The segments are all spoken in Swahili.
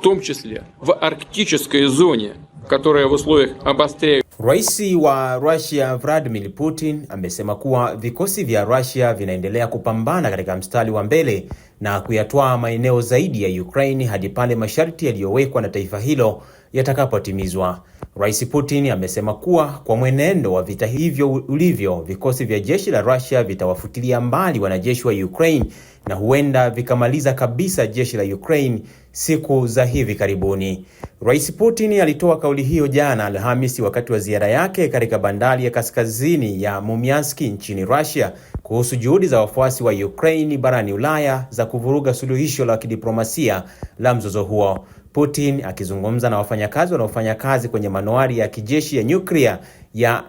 том числе в арктической зоне, которая в условиях обостряет. Rais wa Russia Vladimir Putin amesema kuwa vikosi vya Russia vinaendelea kupambana katika mstari wa mbele na kuyatwaa maeneo zaidi ya Ukraine hadi pale masharti yaliyowekwa na taifa hilo yatakapotimizwa. Rais Putin amesema kuwa kwa mwenendo wa vita hivyo ulivyo, vikosi vya jeshi la Russia vitawafutilia mbali wanajeshi wa Ukraine na huenda vikamaliza kabisa jeshi la Ukraine siku za hivi karibuni. Rais Putin alitoa kauli hiyo jana Alhamisi wakati wa ziara yake katika bandari ya kaskazini ya Murmansk nchini Russia kuhusu juhudi za wafuasi wa Ukraine barani Ulaya za kuvuruga suluhisho la kidiplomasia la mzozo huo. Putin akizungumza na wafanyakazi wanaofanya kazi kwenye manuari ya kijeshi ya nyuklia ya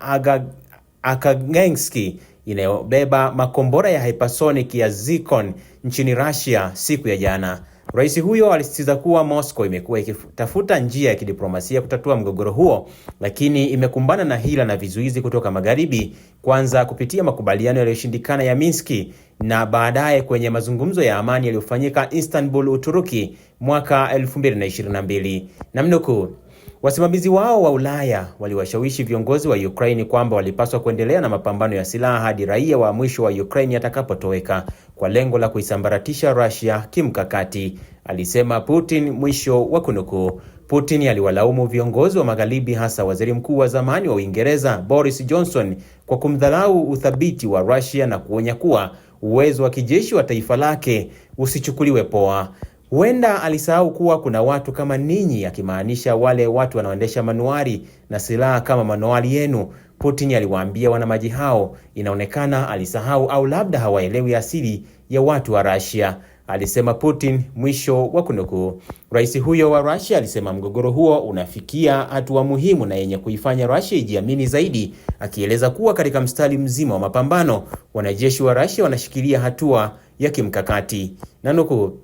akagenski inayobeba makombora ya hypersonic ya Zircon nchini Russia siku ya jana. Rais huyo alisisitiza kuwa Moscow imekuwa ikitafuta njia ya kidiplomasia kutatua mgogoro huo, lakini imekumbana na hila na vizuizi kutoka magharibi, kwanza kupitia makubaliano yaliyoshindikana ya Minsk na baadaye kwenye mazungumzo ya amani yaliyofanyika Istanbul, Uturuki mwaka 2022. Namnukuu, Wasimamizi wao wa Ulaya waliwashawishi viongozi wa Ukraine kwamba walipaswa kuendelea na mapambano ya silaha hadi raia wa mwisho wa Ukraine atakapotoweka kwa lengo la kuisambaratisha Russia kimkakati, alisema Putin, mwisho wa kunukuu. Putin aliwalaumu viongozi wa Magharibi, hasa Waziri Mkuu wa zamani wa Uingereza Boris Johnson kwa kumdharau uthabiti wa Russia na kuonya kuwa uwezo wa kijeshi wa taifa lake usichukuliwe poa. Huenda alisahau kuwa kuna watu kama ninyi, akimaanisha wale watu wanaoendesha manuari na silaha kama manuari yenu. Putin aliwaambia wanamaji hao. Inaonekana alisahau au labda hawaelewi asili ya watu wa Russia, alisema Putin, mwisho wa kunukuu. Rais huyo wa Russia alisema mgogoro huo unafikia hatua muhimu na yenye kuifanya Russia ijiamini zaidi, akieleza kuwa katika mstari mzima wa mapambano, wanajeshi wa Russia wanashikilia hatua ya kimkakati na nukuu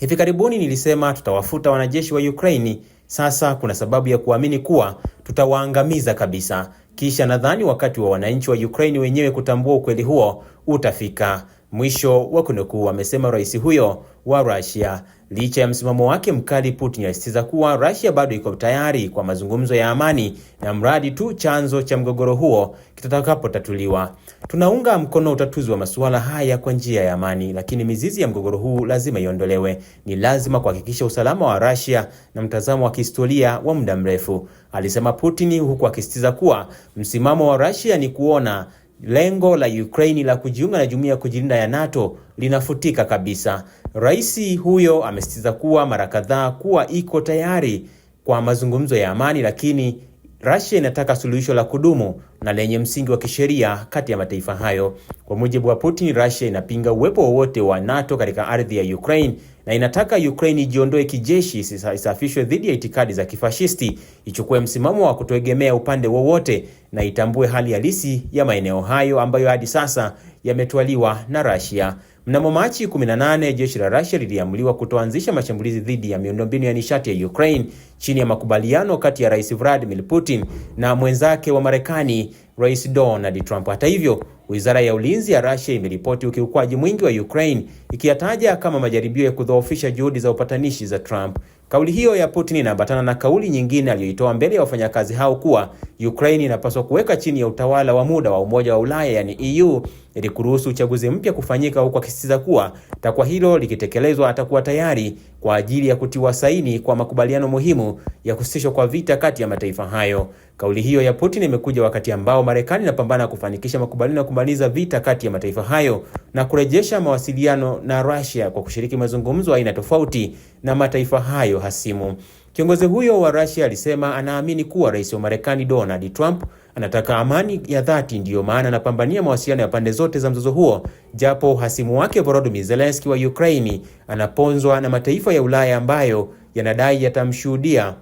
Hivi karibuni nilisema tutawafuta wanajeshi wa Ukraini, sasa kuna sababu ya kuamini kuwa tutawaangamiza kabisa. Kisha nadhani wakati wa wananchi wa Ukraini wenyewe kutambua ukweli huo utafika. Mwisho wa kunukuu, amesema rais huyo wa Russia. Licha ya msimamo wake mkali, Putin alisisitiza kuwa Russia bado iko tayari kwa mazungumzo ya amani na mradi tu chanzo cha mgogoro huo kitakapotatuliwa. Tunaunga mkono utatuzi wa masuala haya kwa njia ya amani, lakini mizizi ya mgogoro huu lazima iondolewe. Ni lazima kuhakikisha usalama wa Russia na mtazamo wa kihistoria wa muda mrefu, alisema Putin, huku akisisitiza kuwa msimamo wa Russia ni kuona lengo la Ukraine la kujiunga na jumuiya ya kujilinda ya NATO linafutika kabisa. Rais huyo amesisitiza kuwa mara kadhaa kuwa iko tayari kwa mazungumzo ya amani, lakini Russia inataka suluhisho la kudumu na lenye msingi wa kisheria kati ya mataifa hayo. Kwa mujibu wa Putin, Russia inapinga uwepo wowote wa NATO katika ardhi ya Ukraine na inataka Ukraine ijiondoe kijeshi, isafishwe dhidi ya itikadi za kifashisti, ichukue msimamo wa kutoegemea upande wowote na itambue hali halisi ya maeneo hayo ambayo hadi sasa yametwaliwa na Russia. Mnamo Machi 18, jeshi la Russia liliamuliwa kutoanzisha mashambulizi dhidi ya miundombinu ya nishati ya Ukraine chini ya makubaliano kati ya Rais Vladimir Putin na mwenzake wa Marekani Rais Donald Trump. Hata hivyo, Wizara ya Ulinzi ya Russia imeripoti ukiukwaji mwingi wa Ukraine, ikiyataja kama majaribio ya kudhoofisha juhudi za upatanishi za Trump. Kauli hiyo ya Putin inaambatana na kauli nyingine aliyoitoa mbele ya wafanyakazi hao kuwa Ukraine inapaswa kuweka chini ya utawala wa muda wa Umoja wa Ulaya, yani EU, ili kuruhusu uchaguzi mpya kufanyika, huku akisisitiza kuwa Takwa hilo likitekelezwa, atakuwa tayari kwa ajili ya kutiwa saini kwa makubaliano muhimu ya kusitishwa kwa vita kati ya mataifa hayo. Kauli hiyo ya Putin imekuja wakati ambao Marekani inapambana kufanikisha makubaliano ya kumaliza vita kati ya mataifa hayo na kurejesha mawasiliano na Russia kwa kushiriki mazungumzo aina tofauti na mataifa hayo hasimu. Kiongozi huyo wa Russia alisema anaamini kuwa rais wa Marekani Donald Trump anataka amani ya dhati, ndiyo maana anapambania mawasiliano ya pande zote za mzozo huo, japo hasimu wake Volodymyr Zelensky wa Ukraini anaponzwa na mataifa ya Ulaya ambayo yanadai yatamshuhudia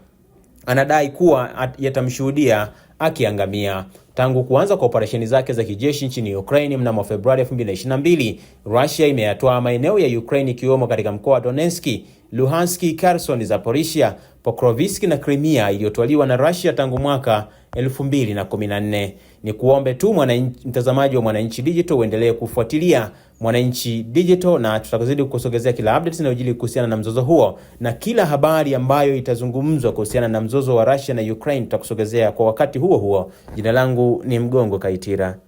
anadai kuwa yatamshuhudia akiangamia. Tangu kuanza kwa operesheni zake za kijeshi nchini Ukraine mnamo Februari 2022, Russia imeyatwaa maeneo ya Ukraine ikiwemo katika mkoa wa Donetsk Luhanski, Kherson, Zaporizhia, Pokrovsk na Crimea iliyotwaliwa na Russia tangu mwaka 2014. Ni kuombe tu mtazamaji wa Mwananchi Digital uendelee kufuatilia Mwananchi Digital na tutakuzidi kukusogezea kila updates inayojili kuhusiana na mzozo huo na kila habari ambayo itazungumzwa kuhusiana na mzozo wa Russia na Ukraine tutakusogezea kwa wakati huo huo. Jina langu ni Mgongo Kaitira.